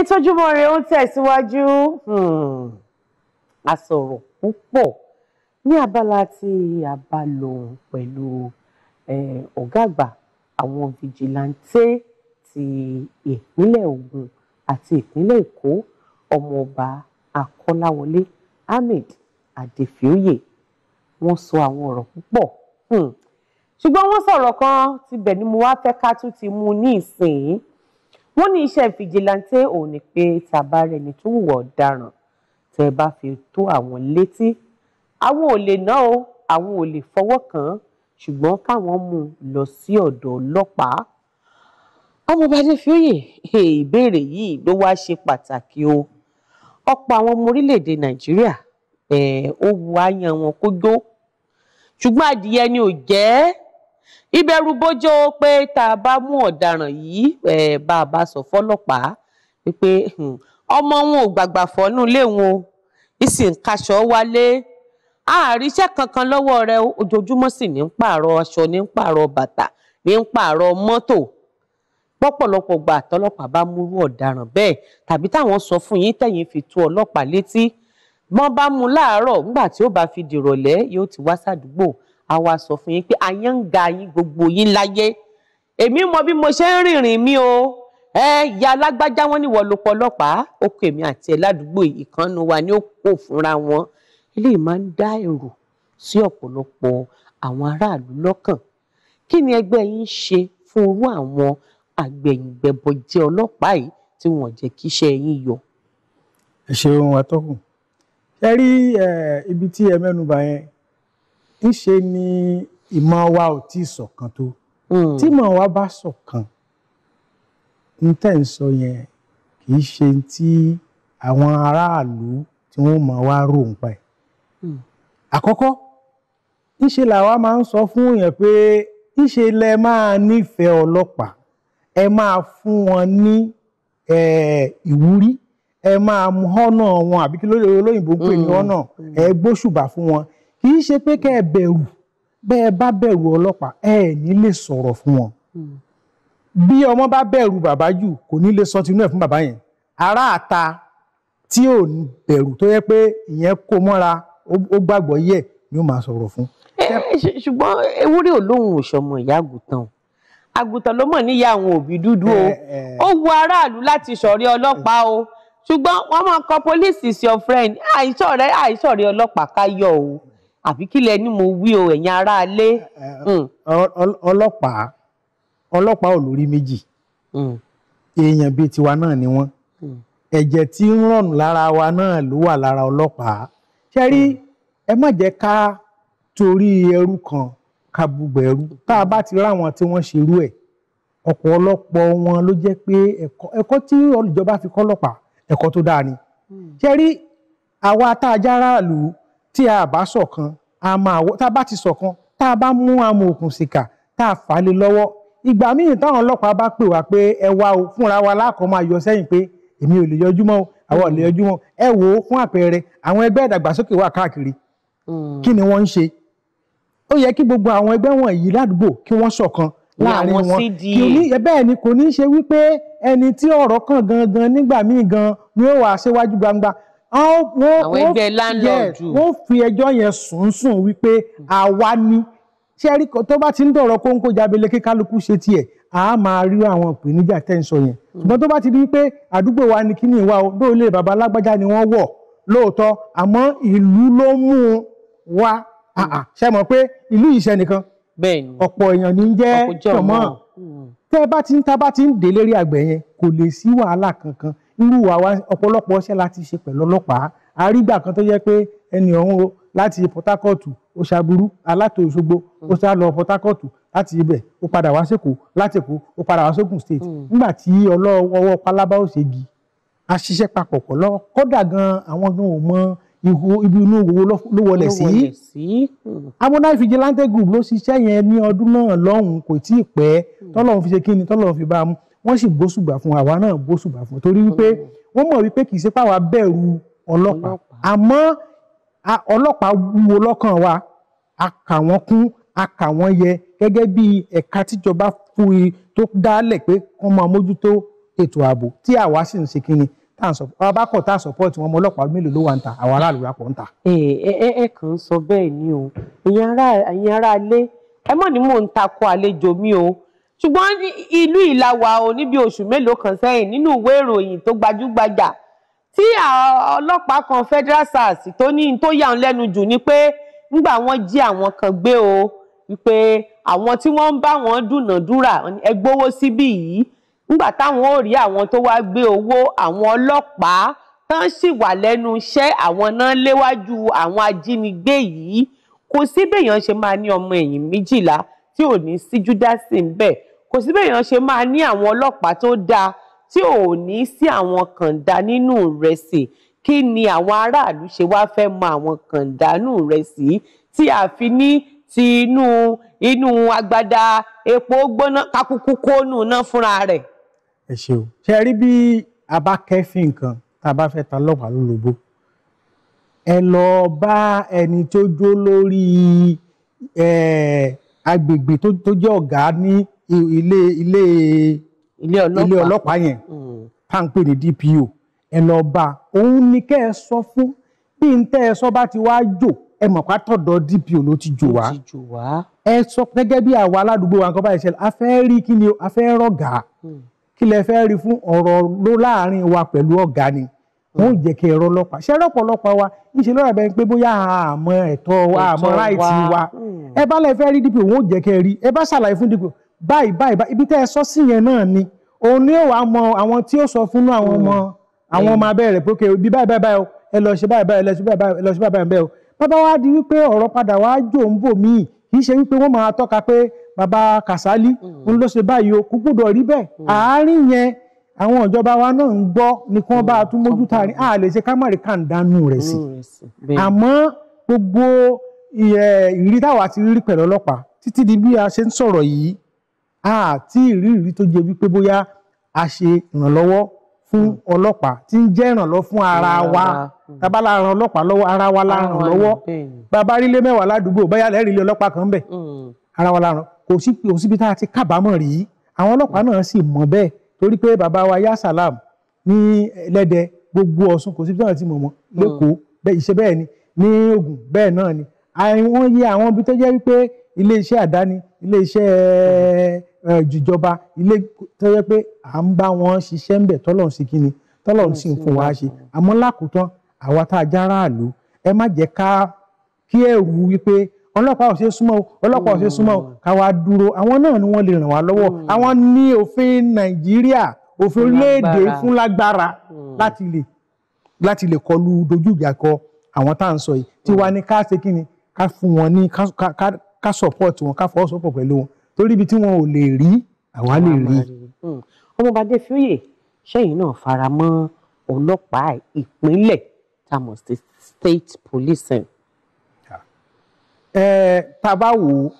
ètò Ojúmọ́ Ire ó ń tẹ̀síwájú àsọ̀rọ̀ hmm. púpọ̀ ní abala tí a bá lò pẹ̀lú ọ̀gá àgbà àwọn fìjìláńtẹ́ ti ìpínlẹ̀ Ògùn àti ìpínlẹ̀ Èkó ọmọọba Akọ́láwọlé Ahmed Adéfioyè wọ́n sọ àwọn ọ̀rọ̀ púpọ̀ hmm. ṣùgbọ́n wọ́n sọ̀rọ̀ kan tibẹ̀ ni mo wá fẹ́ ká tún ti mú ní ìsìn yìí wọ́n ní iṣẹ́ fìjìláńtẹ́ òun ni pé tá a bá rẹni tó hùwà ọ̀daràn tẹ́ ẹ bá fi tó àwọn létí àwọn ò lè ná o àwọn ò lè fọwọ́ kàn án ṣùgbọ́n káwọn mú un lọ sí ọ̀dọ̀ ọlọ́pàá ọmọọba adéfioyè ìbéèrè yìí ló wá ṣe pàtàkì o ọ̀pọ̀ àwọn ọmọ orílẹ̀-èdè nàìjíríà ó wu àyàn wọn kó jó ṣùgbọ́n adìyẹ ni ò jẹ́ ìbẹ̀rùbojo pé tá a bá mú ọ̀daràn yìí bá a bá sọ fọlọ́pàá wípé ọmọ wọn ò gbàgbà fọ́nú ilé wọn o ìsìn kaṣọ wálé àríṣẹ́ kankan lọ́wọ́ rẹ ojoojúmọ́ sì ní ń pààrọ̀ aṣọ ní ń pààrọ̀ bàtà ní ń pààrọ̀ mọ́tò pọ̀pọ̀lọpọ̀ gbà tọ́lọ́pàá bá múrú ọ̀daràn bẹ́ẹ̀ tàbí táwọn sọ fún yín tẹ̀yìn fi tó ọlọ́pàá létí wọ́n bá mú láàárọ̀ nígbà tí ó bá fi dìrọ̀lẹ́ yóò ti wá sádùúgbò a wá sọ fún yín pé àyàn ń ga yín gbogbo yín láyé èmi mọ bí mo ṣe ń rìnrìn mi o ẹ ya alágbájá wọn níwọ ló pọlọpàá ó kọ èmi àti ẹ ládùúgbò ìkànnù wa ni ó kó fúnra wọn eléyìí máa ń dá èrò sí ọ̀pọ̀lọpọ̀ àwọn aráàlú lọ́kàn kí ni ẹgbẹ́ yín ṣe fún irú àwọn àgbẹ̀yìngbẹ̀bọ̀jẹ́ ọlọ́pàá yìí tí wọ́n jẹ́ kí iṣẹ́ yín yọ. ẹ ṣeun atọ́kùn ṣe rí ibi tí ẹ mẹ́nuba yẹn ńṣe ni ìmọ̀ wa ò tí ì ṣọ̀kan tó hmm. tí ìmọ̀ wa bá ṣọ̀kan ń tẹ̀ ń sọ yẹn kì í ṣe tí àwọn aráàlú tí wọ́n mọ̀ wá rò ń pa ẹ̀. Hmm. àkọ́kọ́ ńṣe làwa máa ń sọ fún yẹn pé ńṣe lẹ máa nífẹ̀ẹ́ ọlọ́pàá ẹ máa fún wọn ní ìwúrí ẹ máa mú wọn àbí kí lóyìnbó ń pè ní ọ̀nà hmm. ẹ gbóṣùbà fún wọn kì í ṣe pé kẹ́ ẹ bẹ̀rù bẹ́ ẹ bá bẹ̀rù ọlọ́pàá ẹ ní lè sọ̀rọ̀ fún wọn. bí ọmọ bá bẹ̀rù bàbá jù kò ní lè sọ tinú ẹ̀ fún bàbá yẹn ará àta tí ò bẹ̀rù tó yẹ pé ìyẹn kó mọ́ra ó gbàgbọ́ yẹ ni ó máa sọ̀rọ̀ fún. ṣùgbọ́n ewúrẹ́ ò lóhùn ìyá àgùntàn àgùntàn ló mọ̀ níyà àwọn òbí dúdú o ó wu aráàlú láti ṣọ̀rẹ́ ọlọ́pàá o ṣùgbọ́n wọ́n máa kọ police is your friend àìṣọ̀rẹ́ àìṣọ̀rẹ́ ọlọ́pàá ká yọ o àbí kílẹ̀ ni mo wí o ẹ̀yin aráalé. Hmm. ọlọ́pàá ọlọ́pàá ò lórí méjì hmm. èèyàn bíi tiwa náà ni wọ́n hmm. ẹ̀jẹ̀ tí ń rọ̀nù lára wa náà ló wà lára ọlọ́pàá ṣe rí ẹ má jẹ́ ká torí ẹrú kan ká bùgbẹ̀ ẹrú tá a bá ti ráwọn tí wọ́n ṣerú ẹ̀ ọ̀pọ̀lọpọ̀ wọn ló jẹ́ pé ẹ̀kọ́ tí olùjọba fi kọ́ ọlọ́pàá ẹ̀kọ́ tó dáa ni ṣe rí àwa tá a jára lù tí a bá ṣọ̀kan a máa wọ tá a bá ti ṣọ̀kan tá a bá mú amòòkùn sìkà tá a fà á lé lọ́wọ́ ìgbà míì táwọn ọlọ́pàá bá pè wá pé ẹ wá o fúnra wa lákọ̀ọ́ máa yọ sẹ́yìn pé èmi ò lè yọjú mọ́ o àwọn ò lè yọjú mọ́ ẹ wò ó fún àpẹẹrẹ àwọn ẹgbẹ́ ìdàgbàsókè wà káàkiri hmm. kí ni wọ́n ń ṣe ó yẹ kí gbogbo àwọn ẹgbẹ́ wọ̀nyí ládùúgbò kí wọ́n ṣọ̀kan láàrin wọn kí ní bẹ́ẹ̀ ni kò ní ṣe wípé ẹni tí ọ̀rọ̀ kàn gangan nígbà míì gan ni ó wà síwájú gbangba àwọn ẹgbẹ́ láńlọ́ọ̀dù wọ́n fi ẹjọ́ yẹn sùn sùn wípé àwa ni ṣé ẹ rí tó bá ti ń dọ̀rọ̀ kóńkó jábele kí kálukú ṣe tiẹ̀ a máa rí àwọn ìpèníjà tẹ́ ń sọ yẹn ṣùgbọ́n tó bá ti di pé àdúgbò wa ni kíní ìwà o lóòlé bàbá alágbájá ni wọ́n wọ̀ lóòótọ́ àmọ́ ìlú ló mú un wá ṣe mọ̀ pé ìlú ìṣẹ́ nìkan ọ̀pọ̀ èèyàn ní jẹ́ jọ̀mọ́ tẹ́ bá ti ń ta bá ti ń délé rí àgbẹ̀ yẹn kò lè sí wàhálà kankan irú àwa ọ̀pọ̀lọpọ̀ iṣẹ́ láti ṣe pẹ̀lú ọlọ́pàá àrígbà kan tó jẹ́ pé ẹni ọ̀hún o láti Port Harcourt ó ṣàbùrú alátò Òṣogbo ó sá lọ Port Harcourt láti ibẹ̀ ó padà wá sẹ́kọ̀ láti Èkó ó padà wá sógun state hmm. nígbà tí ọlọ́wọ́ pálábá ò ṣègi a ṣiṣẹ́ papọ̀ pọ̀ lọ kódà gan àwọn gan ò mọ ihò ibi inú owó ló wọlé sí hmm. amúnáì vigilante group ló ṣiṣẹ́ yẹn ní ọdún náà lọ́hùn-ún kò tí ì pẹ́ hmm. tọ́lọ́hún fi ṣe kí ni tọ́lọ́hún fi bá a mú wọ́n sì gbósùgbà fún àwa náà gbósùgbà fún torí wípé wọ́n mọ̀ wípé kì í ṣe páwa bẹ̀rù ọlọ́pàá àmọ́ ọlọ́pàá wúwo lọ́kàn wa a kà wọ́n kún a kà wọ́n yẹ gẹ́gẹ́ bí ẹ̀ka tíjọba fúri tó dálẹ̀ pé wọ́n máa mójútó ètò ààbò tí àwa sì ń ṣe kíni tá à ń tá à sọpọ́ọ̀tì wọn ọlọ́pàá mélòó ló wà ń ta àwọn aráàlú wa pọ̀ ń ta. ẹ ẹ ẹ kàn ń sọ bẹ́ẹ̀ ni o ìyẹn ará ilé ẹ mọ̀ ni mò ń takò àlejò mi o ṣùgbọ́n ní ìlú ìlàwà ò níbi oṣù mélòó kan sẹ́yìn nínú ìwé ìròyìn tó gbajúgbajà tí ọlọ́pàá kan federal sars tó ní tó yà ń lẹ́nu jù ni pé ńgbà wọ́n jí àwọn kan gbé o wípé àwọn tí wọ́n ń bá wọn dúnàdúrà ẹ gbowó síbí yìí ńgbà táwọn ò rí àwọn tó wá gbé owó àwọn ọlọ́pàá tán sì wà lẹ́nu iṣẹ́ àwọn náà léwájú àwọn ajínigbé yìí kò sí ṣe máa ní ọmọ ẹ̀yìn méjìlá tí ò ní síjú sí ń bẹ̀ kò sí bẹ́ẹ̀ yẹn ṣe máa ní àwọn ọlọ́pàá tó dáa tí ò ní sí àwọn kàńdá nínú ìrẹsì kí ni àwọn aráàlú ṣe wá fẹ́ mọ àwọn kàńdá nínú ìrẹsì tí a fi ní ti inú inú agbada epo gbóná kakuku kónú náà fúnra rẹ̀. ẹ ṣeun ṣe rí bí a bá kẹ́fín nǹkan tá a bá fẹ́ ta lọ́pàá lólobó ẹ lọ bá ẹni tó jó lórí agbègbè tó jẹ́ ọ̀gá ní ilé ilé ilé ọlọ́pàá yẹn hmm. tá n pè ní DPO ẹ lọ bá òun ni kẹ́ ẹ sọ fún bí n tẹ́ ẹ sọ bá ti wá jò ẹ mọ̀ ká tọ̀dọ̀ DPO ló ti jò wá ẹ sọ gẹ́gẹ́ bí àwa aládùúgbò wa nǹkan báyìí ṣẹlẹ̀ a fẹ́ rí kí ni a fẹ́ rọ̀gà hmm. kí lẹ fẹ́ rí fún ọ̀rọ̀ ló láàrin wa pẹ̀lú ọ̀gá ni hmm. wọn ò kí ẹ̀rọ ọlọ́pàá ṣe ẹ̀rọ ọ̀pọ̀lọpọ̀ wa níṣẹ́ lọ́rọ̀ bẹ́ẹ̀ pé bóyá àmọ́ ẹ̀tọ́ wa àmọ́ ráìtì wa ẹ bá lẹ fẹ́ rí DPO wọn ò jẹ́ kí ẹ rí ẹ bá ṣàlàyé fún DPO báyìí báyìí báyìí ibi tẹ́ ẹ sọ sí yẹn náà ni òun ni ó wàá mọ àwọn tí ó sọ fún àwọn ọmọ hmm. àwọn ọmọ abẹ́rẹ́ pé okay bí báyìí báyìí o ẹ lọ ṣe báyìí báyìí ẹ lọ ṣe báyìí ẹ lọ ṣe báyìí báyìí o bàbá wa di wípé ọ̀rọ̀ padà wá jò ń bò míì kì í ṣe wípé wọ́n máa tọ́ka pé bàbá Kàsálí hmm. òun ló ṣe báyìí o kú gbọ́dọ̀ rí bẹ́ẹ̀ hmm. àárín yẹn àwọn ìjọba wa náà ń gbọ́ ni kí wọ́n bá a tún mójú ta ní àlè ṣe kámárì kàǹdánù rẹ̀ sí àmọ́ gbogbo eh, ìrírí táwa ti rí pẹ̀lú ọlọ́pàá títí di bí a ṣe ń sọ̀rọ̀ yìí àti ìrírí tó jẹ́ wípé bóyá a ṣe ìrànlọ́wọ́ fún hmm. ọlọ́pàá tí ń jẹ́ ìrànlọ́wọ́ fún ara wa hmm. tábà la ran ọlọ́pàá lọ́wọ́ ara wa la ràn lọ́wọ́ bàbá rílé mẹ́wàá ládùúgbò bóyá lẹ́rìí lé ọlọ́pàá kan bẹ̀ hmm. ara wa la ràn kò síbi tá a ti kábàámọ̀ rí àwọn ọlọ́pàá náà sì mọ̀ bẹ́ẹ̀ torí pé bàbá wa yá sàlám ní ẹlẹ́dẹ gbogbo Ọ̀ṣun kò síbi táwọn ti mọ̀ mọ́ lẹ́kọ̀ọ́ bẹ́ẹ̀ ìṣe bẹ́ẹ̀ ni ní Ògùn bẹ́ẹ̀ náà ni wọ́n yẹ àwọn ibi tó jẹ́ wípé ilé iṣẹ́ àdáni ilé iṣẹ́ Eh, ìjọba ilé tó yẹ pé à ń bá wọn ṣiṣẹ́ ńbẹ̀ tọ́lọ̀ ń ṣe kí ni tọ́lọ̀ ń sì ń fún wa ṣe àmọ́ lákòótán àwa tá a járáàlú ẹ má jẹ́ ká kí ẹ̀rù wípé ọlọ́pàá ò ṣe súnmọ́ o ọlọ́pàá ò ṣe súnmọ́ o ká wá dúró àwọn náà ni wọ́n lè ràn wá lọ́wọ́ hmm. àwọn ní òfin Nàìjíríà òfin orílẹ̀-èdè fún lágbára hmm. láti lè láti lè kọlu dojú ìjà kọ àwọn tá à ń sọ yìí tí wàá hmm. ká ṣe kí ni ká fún wọn ní ká support wọn ká fọwọ́sowọ́pọ̀ pẹ̀lú wọn torí ibi tí wọn ò lè rí àwa lè rí. Hmm. ọmọọba Adéfúyè sẹ́yìn náà fara mọ́ ọlọ́pàá ìpínlẹ̀ tá a state policing. ẹ tá a bá wò ó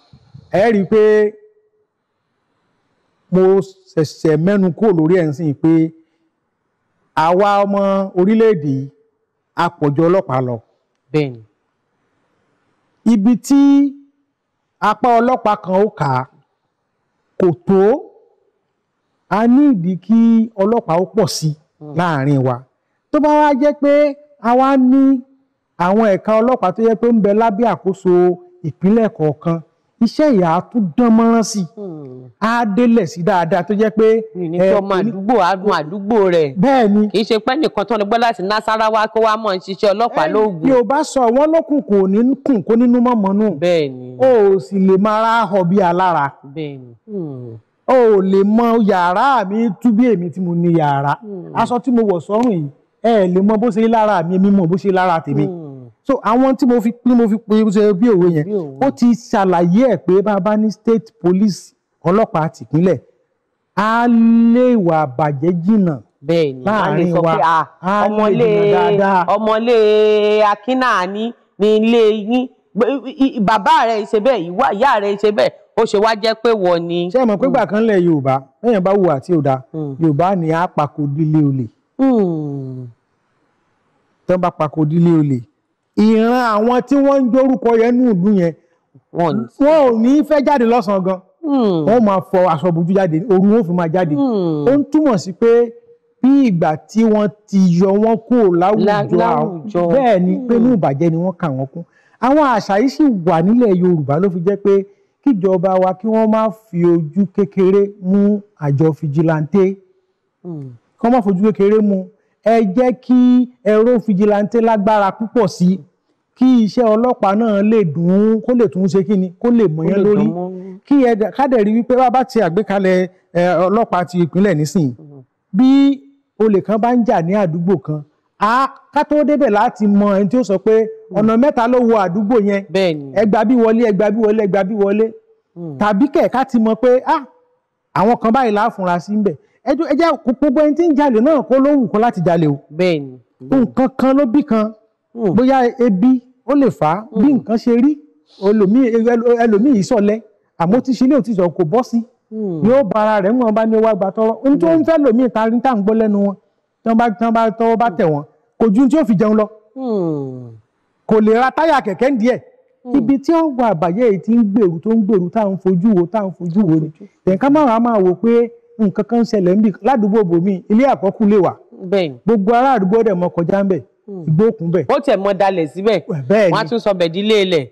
ẹ rí i pé mo ṣẹ̀ṣẹ̀ mẹ́nu kúrò lórí ẹ̀ ń sìn pé àwa ọmọ orílẹ̀-èdè yìí a pọ̀ ju ọlọ́pàá lọ. bẹ́ẹ̀ni. ibi tí apá ọlọ́pàá kan ó kà á kò tó a ní ìdí kí ọlọ́pàá ó pọ̀ sí hmm. láàrin wa tó bá wá jẹ́ pé a wá ní àwọn ẹ̀ka ọlọ́pàá tó yẹ pé ń bẹ lábẹ́ àkóso ìpínlẹ̀ kọ̀ọ̀kan iṣẹ́ ìyá tún dán mọ́rán sí i. Hmm á délẹ̀ sí dáadáa tó jẹ́ pé. ìnìjọ ọmọ àdúgbò adùn àdúgbò rẹ̀. bẹ́ẹ̀ ni kì í ṣe pé nìkan tó ń gbọ́ láti nasarawa kó wá mọ̀ ń ṣiṣẹ́ ọlọ́pàá lóògùn. bí o bá sọ wọn lókun kò ní kùn kó nínú mọ̀mọ́nù. bẹ́ẹ̀ ni o ò sì lè máa ra ọ bí alára. bẹ́ẹ̀ ni o ò lè mọ yàrá mi tú bí èmi tí mo ní yàrá hmm. aṣọ tí mo wọ̀ sọ́rùn yìí ẹ lè mọ bó ṣe lára mi èmi mọ bó ṣe lára tèmi. Mm so àwọn tí mo fi pín mo fi pín ṣe bí òwe yẹn ó ti ṣàlàyé ẹ pé bàbá ní state police ọlọ́pàá tìpínlẹ̀ á lé ìwà àbàjẹ́ jìnnà láàrin wa á lè jìnnà dáadáa. ọmọlé akínàání ní ilé yín bàbá rẹ̀ ṣe bẹ́ẹ̀ ìwà ìyá rẹ̀ ṣe bẹ́ẹ̀ ó ṣe wá jẹ́ pé wọ́n ni. ṣé ẹ mọ̀ pé hmm. gbàkan lẹ̀ yorùbá lẹ́yìn bá wù àti òdà hmm. yorùbá ni á pako dílé olè. Hmm. tó ń bá pako dílé olè ìran àwọn tí wọ́n ń jórúkọ yẹn ní ìlú yẹn wọn ò ní fẹ́ jáde lọ́sàn-án gan-an. Hmm. wọ́n máa fọ aṣọ bojú jáde òru wọn ò fi máa jáde hmm. ó ń túmọ̀ sí pé bí ìgbà tí wọ́n ti yọ wọ́n kúrò láwùjọ bẹ́ẹ̀ ni pé ní hmm. ìbàjẹ́ ni wọ́n kà wọ́n kún àwọn àṣà yìí sì wà nílẹ̀ Yorùbá ló fi jẹ́ pé kíjọba wa kí wọ́n má fi ojú kékeré mú àjọ fìjìláńtè kí wọ́n má fojú kékeré mú ẹ jẹ́ kí ẹ̀rọ fìjìláńtè lágbára púpọ̀ sí kí iṣẹ́ ọlọ́pàá náà lè dùn ún kó lè tún ṣe kí ni kó lè mọ̀yán lórí kí ẹ kádẹ̀rí wípé bá bá ti àgbékalẹ̀ ọlọ́pàá ti ìpínlẹ̀ nísìnyí mm-hmm. bí olè kan bá ń jà ní àdúgbò kan a ká tó débẹ̀ láti mọ ẹni tí ó sọ pé mm-hmm. ọ̀nà mẹ́ta ló wọ àdúgbò yẹn ẹgbà bí wọlé ẹgbà bí wọlé ẹgbà bí wọlé mm. tàbí kẹ̀ ká ti mọ pé a àwọn kan báyìí láàfúnra sí ń bẹ̀ ẹjọ́ ẹjẹ́ gbogbo ẹni tí ń jalè náà kó ló wù kó láti jalè o nǹkan kan ló bí kan mm. bóyá ebi ó lè fà á bí mm. nǹkan ṣe rí ẹlòmíì ìsọ̀lẹ̀ àmọ́ ti ṣe ilé òtí sọ kò bọ́ sí yóò hmm. ba ara rẹ̀ wọn bá ní wá gba tọrọ ohun tó ń fẹ́ lòmí ìta ní tá à ń gbọ́ lẹ́nu wọn tí wọ́n bá tí wọ́n bá tọwọ́ bá tẹ̀ wọ́n kò ju tí ó fi jẹun lọ hmm. kò lè ra táyà kẹ̀kẹ́ ń díẹ̀ hmm. ibi tí wọ́n wà àbàyẹ́ yìí ti ń gbèrú tó ń gbèrú tá à ń fojú wo tá à ń fojú wo ni tẹ̀ǹká máa máa wò pé nǹkan kan ń ṣẹlẹ̀ ń ládùúgbò bòmí ilé àkọ́kù lè wà gbogbo ará àdúgbò dẹ̀ mọ́ kọjá ń bẹ̀ ìgbókùn hmm. bẹ̀. ó tẹ̀ mọ́ dalẹ̀ síbẹ̀ wọ́n á tún sọ bẹ̀ dílé ilẹ̀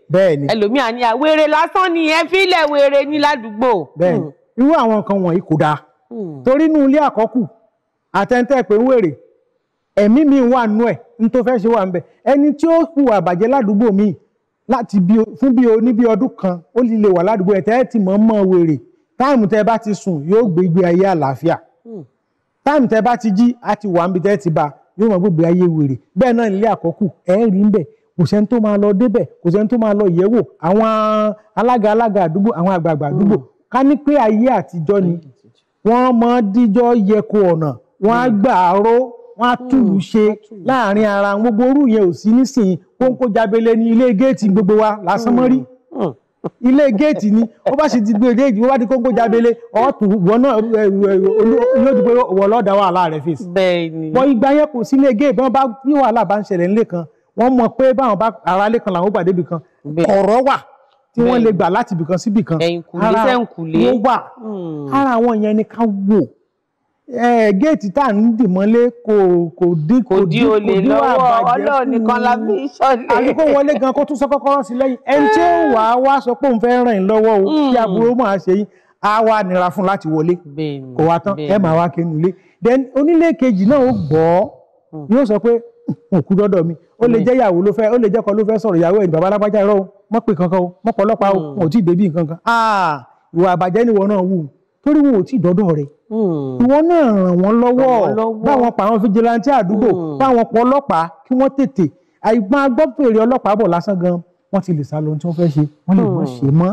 ẹlòmíà ní àwèrè lásán ni ẹ fi ilẹ̀ wèrè ní ládùúgbò. bẹ́ẹ̀ni hmm. irú àwọn nǹkan wọ̀nyí kò dáa hmm. torí inú ilé àkọ́kù àtẹ̀ntẹ̀ pé ń wèrè ẹ̀mí mi wà nú ẹ̀ n tó fẹ́ ṣe wà ń bẹ̀ ẹni tí ó hùwà àbàjẹ́ ládùúgbò mi láti fún bí oní bí ọdún kan ó lè wà ládùúgbò ẹ̀ tẹ́ ti mọ̀ mọ́ wèrè táìmù tẹ́ bá ti sùn yóò gbé ìgbé ayé àlàáfíà táìmù yóò máa gbogbo ayé wèrè bẹ́ẹ̀ náà nílé àkọ́kù ẹ̀ ń rí ń bẹ̀ kò sẹ́ni tó máa lọ débẹ̀ kò sẹ́ni tó máa lọ yẹ̀wò àwọn alága alága àdúgbò àwọn àgbààgbà àdúgbò ká ní pé ayé àtijọ́ ni wọ́n máa díjọ́ yẹko ọ̀nà wọ́n á gbà á ró wọ́n á túlù ṣe láàrin ara gbogbo orú yẹn ò sí nísìnyí kó ń kó jábélé ní ilé géètì gbogbo wa lásán mọ́rí ilé géètì ni ó bá sì ti gbé géètì ó bá di kóńgó jábélé ọ̀tún wọn náà olódùgbò wọ lọ́dà wàhálà rẹ̀ fèsì. bẹ́ẹ̀ni. bọ ìgbà yẹn kò sí ilé géètì bí wọn bá ní wàhálà bá ń ṣẹlẹ̀ nílé kan wọn mọ pé báwọn bá ara lé kan làwọn gbàdébì kan ọ̀rọ̀ wà tí wọ́n lè gbà láti ibìkan síbìkan ara hmm. wọn yẹn ni ká wò géètì tá à ń dì mọ́lé kò kò dín kò dín kò dín wà bàjẹ́ fún un ọlọ́run nìkan la fi ṣọlẹ̀. àdúgbò wọlé gan kó tún sọ kọ́kọ́rọ́ sí lẹ́yìn ẹni tí ó wà á wá sọ pé òun fẹ́ ràn yín lọ́wọ́ o kí hmm. aburú máa ṣe yín á wá nira fún láti wọlé kò wá tán ẹ máa wá kẹnu ilé then onílé kejì náà ó gbọ́ hmm. yóò sọ pé òkú dọ́dọ̀ mi ó lè hmm. jẹ́ ìyàwó ló fẹ́ ó lè jẹ́ kọ́ ló fẹ́ sọ̀rọ̀ ìyàwó ẹ̀yìn bàbá alápájá ẹ̀rọ o mọ́ pé kankan o mọ́ pọ̀lọ́pàá o wọn ò tí ì bèbí nǹkan kan ah, ìwà àbàjẹ́ ni wọn náà wù torí wọn ò tí ì dọ́dọ̀ rẹ̀ Hmm. ìwọ náà ràn wọ́n lọ́wọ́ báwọn pa àwọn fìjìláńtì àdúgbò hmm. báwọn pa ọlọ́pàá kí wọ́n tètè àìgbọ́n agbọ́pèrè ọlọ́pàá bọ̀ lásán gan wọ́n ti lè sá lọ ohun tí wọ́n fẹ́ ṣe wọ́n lè mọ̀ hmm. ṣe mọ́.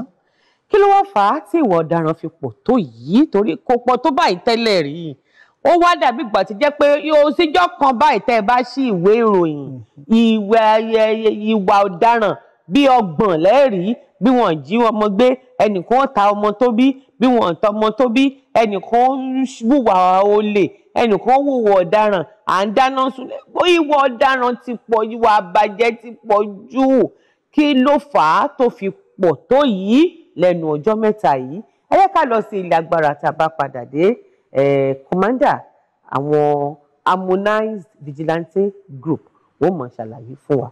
kí ló wá fà á tí ìwà ọ̀daràn fi pọ̀ tó yìí torí kò pọ̀ tó báyìí tẹ́lẹ̀ rí i ó wá dàbí ìgbà tí jẹ́ pé oṣìjọ́ kan báyìí tẹ́ ẹ bá ṣí ìwé ìròyìn ìwà ọ̀daràn bíi ọgbọ̀n lẹ́rìí bí wọn jí ọmọ gbé ẹnìkan ta ọmọ tó bí bí wọn ta ọmọ tó bí ẹnìkan wùwà olè ẹnìkan wùwà ọ̀daràn à ń dáná sunlẹ̀ ìwà ọ̀daràn ti pọ̀ ìwà àbàjẹ́ ti pọ̀ jù kí ló fà á tó fi pọ̀ tó yìí lẹ́nu ọjọ́ mẹ́ta yìí ẹ ká lọ sí ilé agbára tá a bá padà dé kọ́mándà àwọn harmonized vigilante group wọ́n mọ̀ ṣàlàyé fún wa.